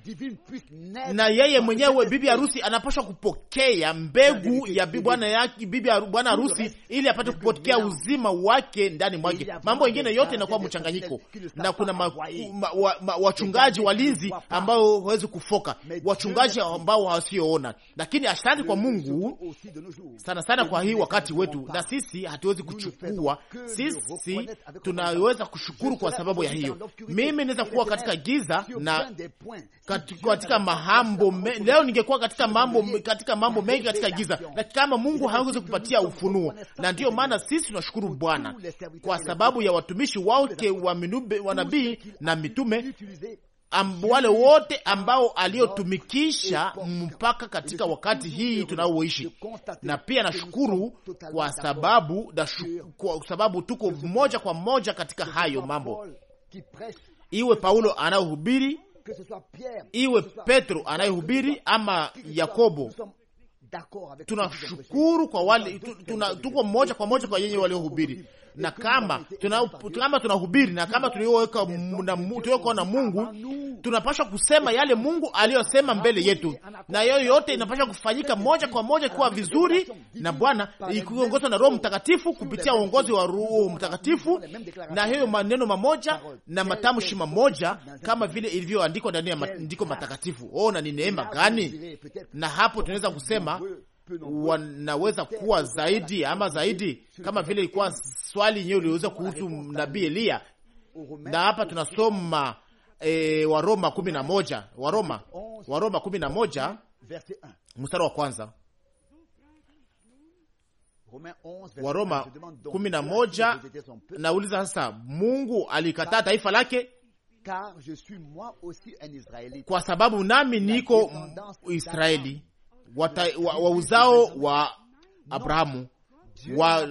na yeye mwenyewe bibi harusi anapaswa kupokea mbegu ya bwana yake bibi bwana harusi, ili apate kupokea uzima wake ndani mwake. Mambo mengine yote inakuwa mchanganyiko na kuna ma, ma, wa, ma, wachungaji walinzi ambao hawezi kufoka, wachungaji ambao hawasioona. Lakini asante kwa Mungu sana sana kwa hii wakati wetu, na sisi hatuwezi kuchukua, sisi tunaweza kushukuru kwa sababu ya hiyo. Mimi naweza kuwa katika giza na katika mahambo me, leo ningekuwa katika mambo katika mambo mengi katika giza, na kama Mungu hawezi kupatia ufunuo, na ndiyo maana sisi tunashukuru Bwana kwa sababu ya watumishi wake wa wanabii na mitume wale wote ambao aliotumikisha mpaka katika wakati hii tunaoishi. Na pia nashukuru kwa sababu na shu, kwa sababu tuko moja kwa moja katika hayo mambo, iwe Paulo anayohubiri, iwe Petro anayehubiri ama Yakobo, tunashukuru kwa wale tuna, tuko moja kwa moja kwa yenye waliohubiri na kama tunahubiri na kama tulioweka na Mungu, tunapaswa kusema yale Mungu aliyosema mbele yetu, na yoyote yote inapaswa kufanyika moja kwa moja kuwa vizuri na Bwana, ikiongozwa na Roho Mtakatifu kupitia uongozi wa Roho Mtakatifu, na hiyo maneno mamoja na matamshi mamoja kama vile ilivyoandikwa ndani ya maandiko matakatifu. ona ni neema gani! Na hapo tunaweza kusema wanaweza kuwa zaidi ama zaidi, kama vile ilikuwa swali yenyewe uliweza kuhusu nabii Eliya. Na hapa tunasoma e, Waroma kumi na moja Waroma Waroma kumi na moja mstari wa kwanza Waroma kumi na moja nauliza sasa, Mungu alikataa taifa lake? Kwa sababu nami niko Israeli, wauzao wa, wa, wa Abrahamu wa,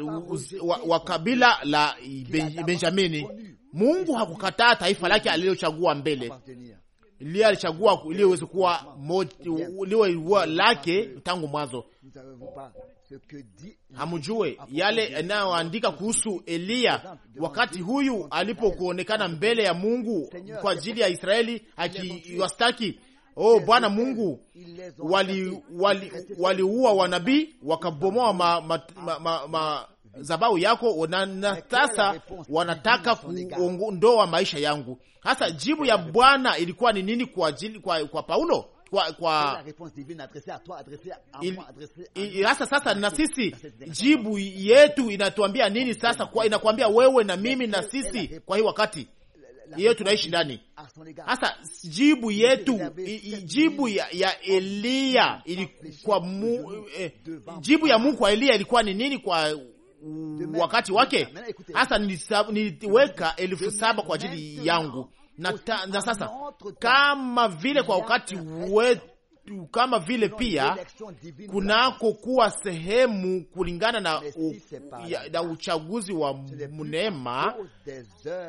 wa, wa kabila la Benjamini. Mungu hakukataa taifa lake alilochagua mbele, liye alichagua liweze kuwa liwe lake tangu mwanzo. Hamjue yale anayoandika kuhusu Eliya wakati huyu alipokuonekana mbele ya Mungu kwa ajili ya Israeli akiwastaki Oh Bwana Mungu, waliua wali, wali wanabii wakabomoa ma, ma, ah, ma, ma, ma yako na sasa wanataka kuondoa maisha yangu. Hasa jibu ya Bwana ilikuwa ni nini kwa jili, kwa, kwa Paulo kwa, kwa... Il, il, hasa sasa na sisi jibu yetu inatuambia nini sasa? Kwa, inakuambia wewe na mimi na sisi kwa hii wakati hiyo tunaishi ndani hasa. Jibu yetu jibu ya, ya Eliya ilikuwa mu, eh, jibu ya Mungu kwa Eliya ilikuwa ni nini kwa wakati wake? Hasa niliweka elfu saba kwa ajili yangu na, ta, na sasa kama vile kwa wakati wetu kama vile pia kunako kuwa sehemu kulingana na, u, ya, na uchaguzi wa neema,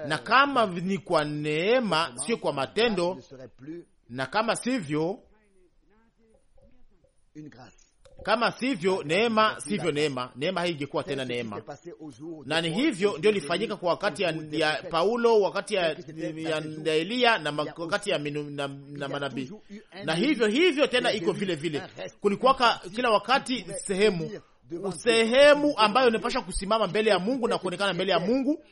na kama ni kwa neema, sio kwa matendo, na kama sivyo kama sivyo neema, sivyo neema, neema hii ingekuwa tena neema. Na ni hivyo ndio ilifanyika kwa wakati ya, ya Paulo, wakati ya, ya, ya Eliya na wakati ya minu, na, na manabii, na hivyo hivyo tena iko vile vile, kulikuwaka kila wakati sehemu sehemu ambayo inapasha kusimama mbele ya Mungu na kuonekana mbele ya Mungu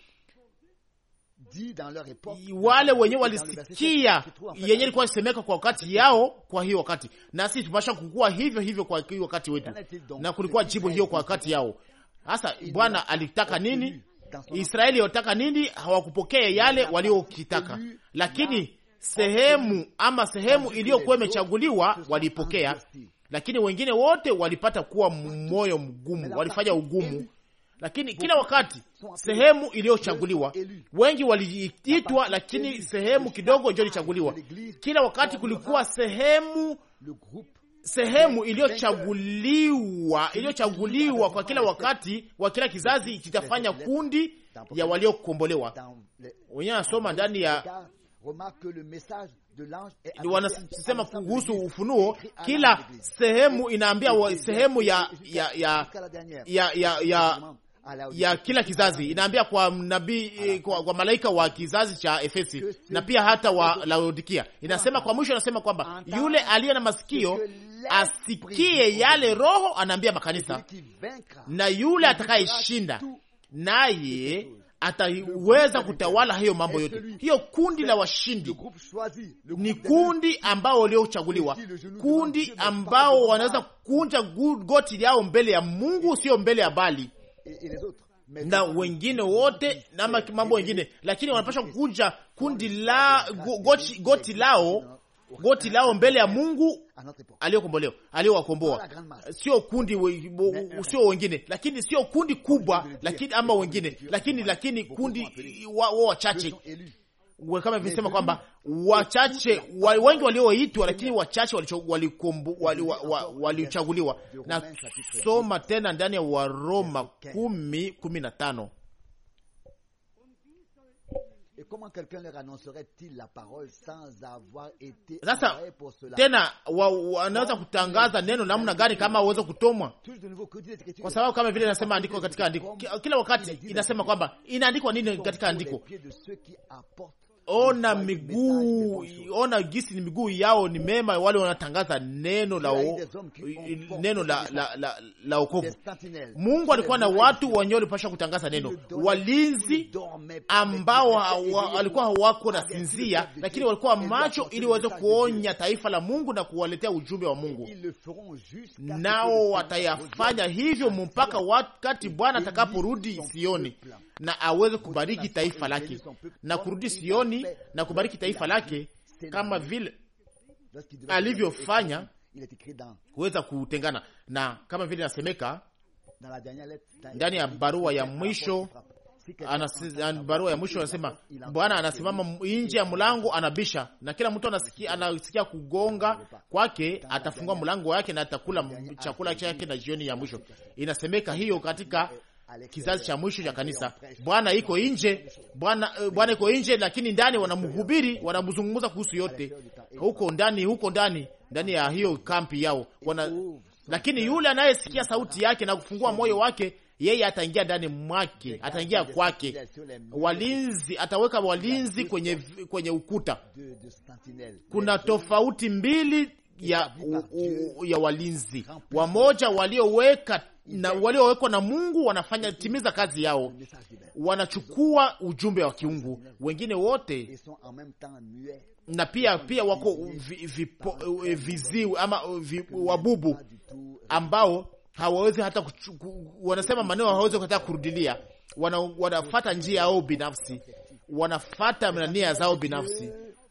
wale wenyewe walisikia yenye ilikuwa isemeka kwa wakati yao, kwa hiyo wakati na sisi tupasha kukua hivyo hivyo kwa hiyo wakati wetu, na kulikuwa jibu hiyo kwa wakati yao. Sasa Bwana alitaka nini? Israeli otaka nini? Hawakupokea yale waliokitaka, lakini sehemu ama sehemu iliyokuwa imechaguliwa walipokea, lakini wengine wote walipata kuwa moyo mgumu, walifanya ugumu lakini kila wakati sehemu iliyochaguliwa. Wengi waliitwa, lakini sehemu kidogo ndio ilichaguliwa. Kila wakati kulikuwa sehemu sehemu iliyochaguliwa iliyochaguliwa kwa kila wakati wa kila kizazi, kitafanya kundi ya waliokombolewa. Wenyewe wanasoma ndani ya wanasema kuhusu ufunuo. Kila sehemu inaambia sehemu ya ya ya ya, ya, ya, ya ya kila kizazi, inaambia kwa nabii, eh, kwa, kwa malaika wa kizazi cha Efesi na pia hata wa Laodikia. Inasema kwa mwisho, anasema kwamba yule aliye na masikio asikie yale Roho anaambia makanisa, na yule atakayeshinda naye ataweza kutawala hayo mambo yote. Hiyo kundi la washindi ni kundi ambao waliochaguliwa, kundi ambao wanaweza kunja goti yao mbele ya Mungu, sio mbele ya Bali, na wengine wote na mambo wengine, lakini wanapasha kukunja kundi la goti, goti lao goti lao mbele ya Mungu aliyokombolewa aliyowakomboa, sio kundi, euh, sio wengine, lakini sio kundi kubwa, lakini ama wengine, lakini lakini kundi wao wachache wa kama vilisema kwamba wachache wengi walioitwa, lakini wachache walichaguliwa. Nasoma tena ndani ya Waroma kumi kumi na tano sasa tena wanaweza kutangaza neno namna gani kama aweze kutomwa? Kwa sababu kama vile inasema andiko katika andiko, kila wakati inasema kwamba inaandikwa nini katika andiko ona miguu, ona gisi ni miguu yao ni mema, wale wanatangaza neno la o, neno la la, la, la okovu. Mungu alikuwa na watu wenye walipasha kutangaza neno, walinzi ambao walikuwa hawako na sinzia, lakini walikuwa macho ili waweze kuonya taifa la Mungu na kuwaletea ujumbe wa Mungu, nao watayafanya hivyo mpaka wakati Bwana atakaporudi Sioni na aweze kubariki taifa lake na kurudi Sioni mbinguni na kubariki taifa lake kama vile alivyofanya kuweza kutengana na, kama vile inasemeka ndani ya barua ya mwisho Anasi, barua ya mwisho anasema Bwana anasimama nje ya mlango, anabisha, na kila mtu anasikia, anasikia kugonga kwake, atafungua mlango wake na atakula chakula chake na jioni ya mwisho. Inasemeka hiyo katika kizazi cha mwisho cha kanisa. Bwana iko nje, Bwana eh, Bwana iko nje, lakini ndani wanamhubiri, wanamzungumza kuhusu yote huko ndani, huko ndani, ndani ya hiyo kampi yao wana, lakini yule anayesikia sauti yake na kufungua moyo wake yeye ataingia ndani mwake, ataingia kwake. Walinzi ataweka walinzi kwenye kwenye ukuta. Kuna tofauti mbili ya, u, u, ya walinzi wamoja walioweka na waliowekwa na Mungu wanafanya timiza kazi yao, wanachukua ujumbe wa kiungu. Wengine wote na pia pia wako eh, viziwi ama eh, vi, wabubu ambao hawawezi hata kuchuku, wanasema maneno hawawezi hata kurudilia. Wana, wanafata njia yao binafsi, wanafata nia zao binafsi,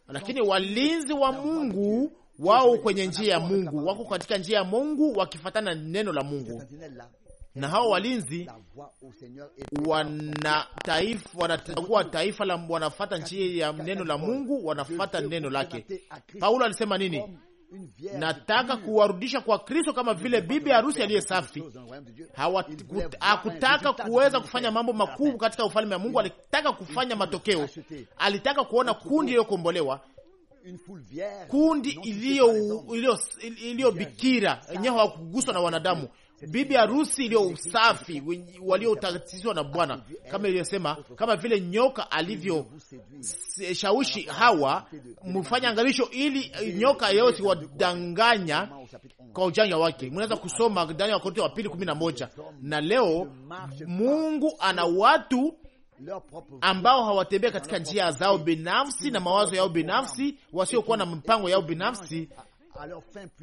lakini walinzi wa Mungu wao kwenye njia ya Mungu, wako katika njia ya Mungu wakifatana neno la Mungu, na hao walinzi wana taifa, taifa la, wanafata njia ya neno la Mungu, wanafata neno lake. Paulo alisema nini? Nataka kuwarudisha kwa Kristo kama vile bibi harusi aliye safi. Hakutaka kuweza kufanya mambo makubwa katika ufalme wa Mungu, alitaka kufanya matokeo, alitaka kuona kundi iliyokombolewa kundi iliyobikira bikira yenyewe hawakuguswa na wanadamu, bibi harusi iliyo usafi waliotakatizwa na Bwana, kama iliyosema, kama vile nyoka alivyo eh, shawishi Hawa, mfanya angalisho ili eh, nyoka yote wadanganya kwa ujanja wake. Mnaweza kusoma ndani ya Wakorintho wa pili kumi na moja. Na leo Mungu ana watu ambao hawatembea katika njia zao binafsi na mawazo yao binafsi, wasiokuwa na mpango yao binafsi,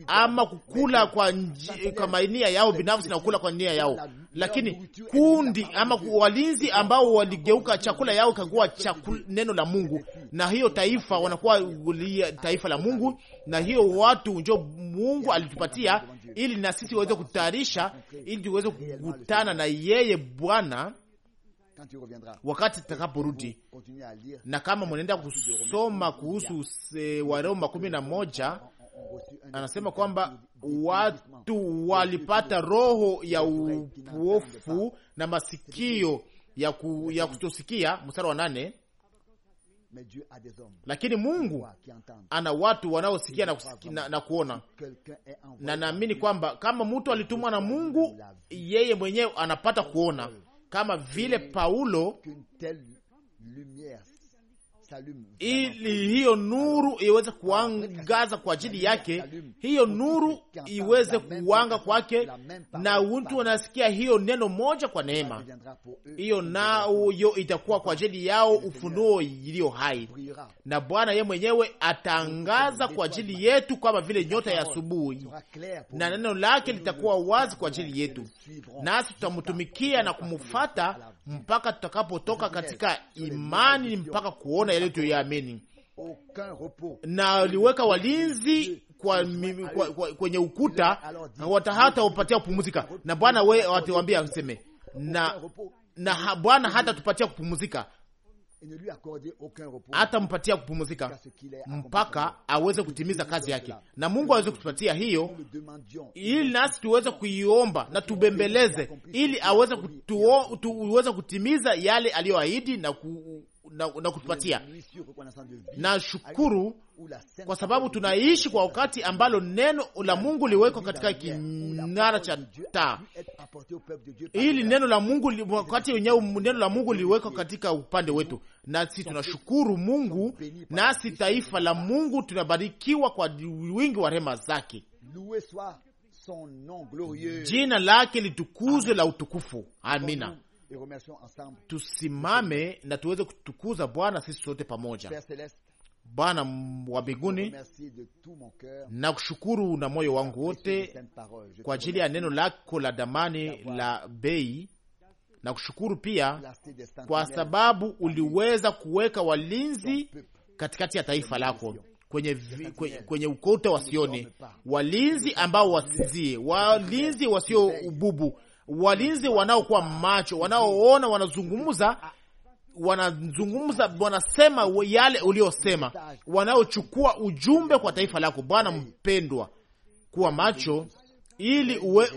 ama kukula kwa, kwa mania yao binafsi na kukula kwa nia yao, lakini kundi ama walinzi ambao waligeuka chakula yao kakuwa neno la Mungu, na hiyo taifa wanakuwa taifa la Mungu, na hiyo watu njo Mungu alitupatia ili na sisi waweze kutayarisha ili tuweze kukutana na yeye Bwana wakati tutakaporudi. Na kama mnaenda kusoma kuhusu Waroma kumi na moja, anasema kwamba watu walipata roho ya upofu na masikio ya, ku, ya kutosikia. Mstari wa nane. Lakini Mungu ana watu wanaosikia na, na, na kuona, na naamini kwamba kama mtu alitumwa na Mungu, yeye mwenyewe anapata kuona comme à Ville et Paolo, qu'une telle lumière ili hiyo nuru iweze kuangaza kwa ajili yake, hiyo nuru iweze kuwanga kwake, na mtu wanasikia hiyo neno moja kwa neema hiyo, nayo itakuwa kwa ajili yao ufunuo iliyo hai, na Bwana ye mwenyewe atangaza kwa ajili yetu kama vile nyota ya asubuhi, na neno lake litakuwa wazi kwa ajili yetu, nasi tutamtumikia na kumufata Mm. mpaka tutakapotoka katika imani, mpaka kuona yale tuyoyaamini. Na aliweka walinzi kwa, mi, kwa, kwa, kwenye ukuta wata hata upatia kupumzika, na Bwana we watiwambia useme na, na Bwana hata tupatia kupumzika atampatia kupumzika mpaka aweze kutimiza kazi yake, na Mungu aweze kutupatia hiyo, ili nasi tuweze kuiomba na tubembeleze, ili aweze kutuweze kutimiza yale aliyoahidi na ku na, na kutupatia. Nashukuru kwa sababu tunaishi kwa wakati ambalo neno la Mungu liwekwa katika kinara cha taa, ili neno la Mungu wakati wenyewe, neno la Mungu liwekwa katika upande wetu, nasi tunashukuru Mungu, nasi taifa la Mungu tunabarikiwa kwa wingi wa rehema zake. Jina lake litukuzwe la utukufu. Amina tusimame na tuweze kutukuza Bwana sisi sote pamoja. Bwana wa mbinguni, na kushukuru na moyo wangu wote kwa ajili ya neno lako la damani la bei, na kushukuru pia kwa sababu uliweza kuweka walinzi katikati ya taifa lako kwenye, kwenye, kwenye ukuta wa Sioni, walinzi ambao wasizie walinzi wasio ububu, walinzi wanaokuwa macho, wanaoona, wanazungumza, wanazungumza, wanasema yale uliosema wanaochukua ujumbe kwa taifa lako. Bwana mpendwa, kuwa macho ili uwe,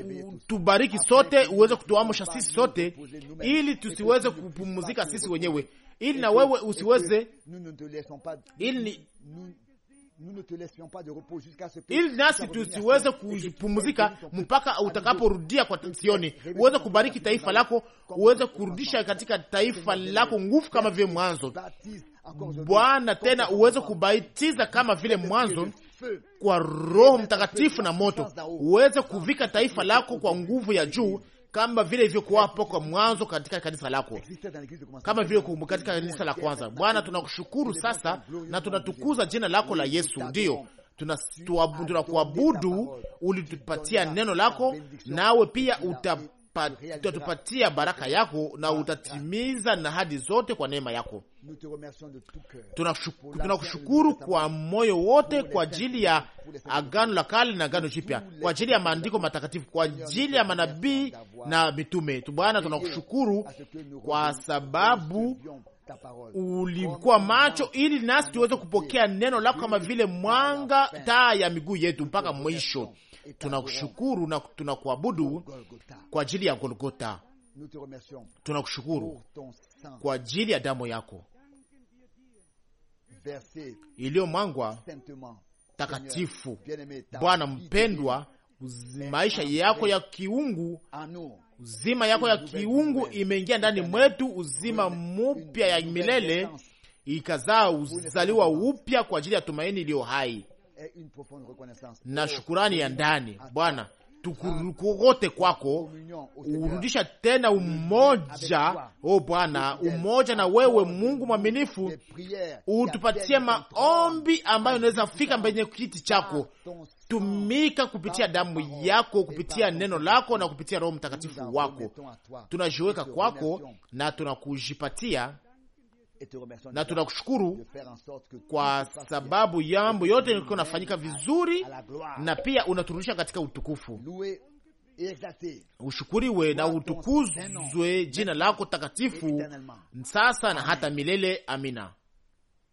tubariki sote, uweze kutuamsha sisi sote, ili tusiweze kupumuzika sisi wenyewe, ili na wewe usiweze ili ili nasi tusiweze kupumzika mpaka utakaporudia kwa Sioni, uweze kubariki taifa lako, uweze kurudisha katika taifa lako nguvu kama vile mwanzo, Bwana, tena uweze kubaitiza kama vile mwanzo kwa Roho Mtakatifu na moto, uweze kuvika taifa lako kwa nguvu ya juu kama vile ilivyokuwapo kwa mwanzo katika kanisa lako, kama vile katika kanisa la kwanza. Bwana, tunakushukuru sasa na tunatukuza jina lako la Yesu. Ndiyo tunakuabudu, ulitupatia neno lako, nawe pia uta utatupatia baraka yako na utatimiza na hadi zote kwa neema yako. Tunakushukuru kwa moyo wote kwa ajili ya agano la kale na agano jipya, kwa ajili ya maandiko matakatifu, kwa ajili ya manabii na mitume. Bwana, tunakushukuru kwa sababu ulikuwa macho ili nasi tuweze kupokea neno lako kama vile mwanga, taa ya miguu yetu mpaka mwisho tunakushukuru na tunakuabudu kwa ajili ya Golgota. Tunakushukuru kwa ajili ya damu yako iliyomwangwa takatifu. Bwana mpendwa, maisha yako ya kiungu, uzima yako ya kiungu imeingia ndani mwetu, uzima mupya ya milele ikazaa uzaliwa upya kwa ajili ya tumaini iliyo hai na oh, shukurani ya ndani. Ah, Bwana, ah, tukukogote kwako, urudisha tena umoja o oh, Bwana, umoja na wewe Mungu mwaminifu, utupatie maombi ambayo unaweza fika mbenye kiti chako. Tumika kupitia damu yako, kupitia neno lako na kupitia Roho Mtakatifu wako, tunajiweka kwako na tunakujipatia na tunakushukuru kwa sababu yambo yote ilikuwa inafanyika vizuri, na pia unaturudisha katika utukufu. Ushukuriwe na utukuzwe jina lako takatifu sasa na hata milele. Amina.